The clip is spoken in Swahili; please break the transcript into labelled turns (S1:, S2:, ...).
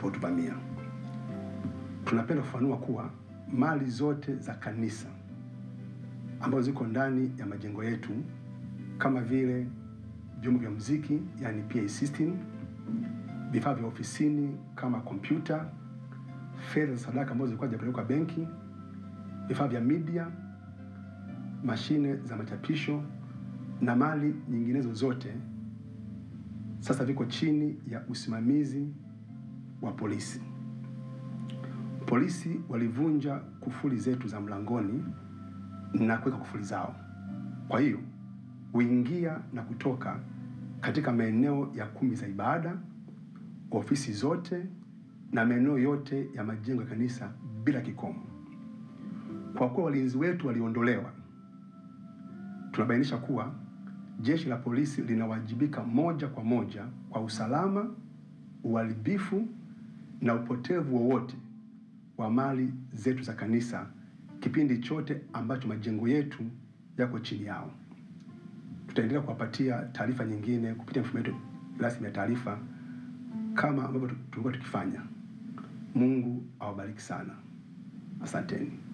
S1: alipotuvamia. Tunapenda kufanua kuwa mali zote za kanisa ambazo ziko ndani ya majengo yetu kama vile vyombo vya muziki, yani PA system, vifaa vya ofisini kama kompyuta, fedha za sadaka ambazo zilikuwa zinapelekwa benki, vifaa vya media, mashine za machapisho na mali nyinginezo zote sasa viko chini ya usimamizi wa polisi. Polisi walivunja kufuli zetu za mlangoni na kuweka kufuli zao, kwa hiyo kuingia na kutoka katika maeneo ya kumi za ibada, ofisi zote na maeneo yote ya majengo ya kanisa bila kikomo. Kwa kuwa walinzi wetu waliondolewa, tunabainisha kuwa jeshi la polisi linawajibika moja kwa moja kwa usalama, uharibifu na upotevu wowote wa, mali zetu za kanisa kipindi chote ambacho majengo yetu yako chini yao. Tutaendelea kuwapatia taarifa nyingine kupitia mfumo wetu rasmi ya taarifa kama ambavyo tulikuwa tukifanya. Mungu awabariki sana. Asanteni.